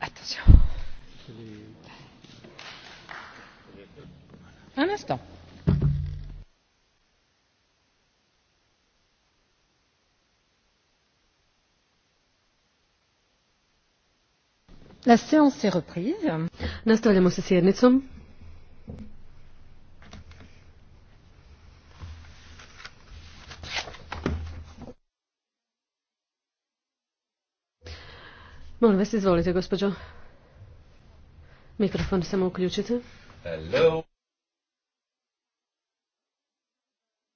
Attention. Un instant. La séance est reprise. Nastavljamo sa sjednicom. Molim vas, izvolite, gospođo. Mikrofon samo uključite. Hello.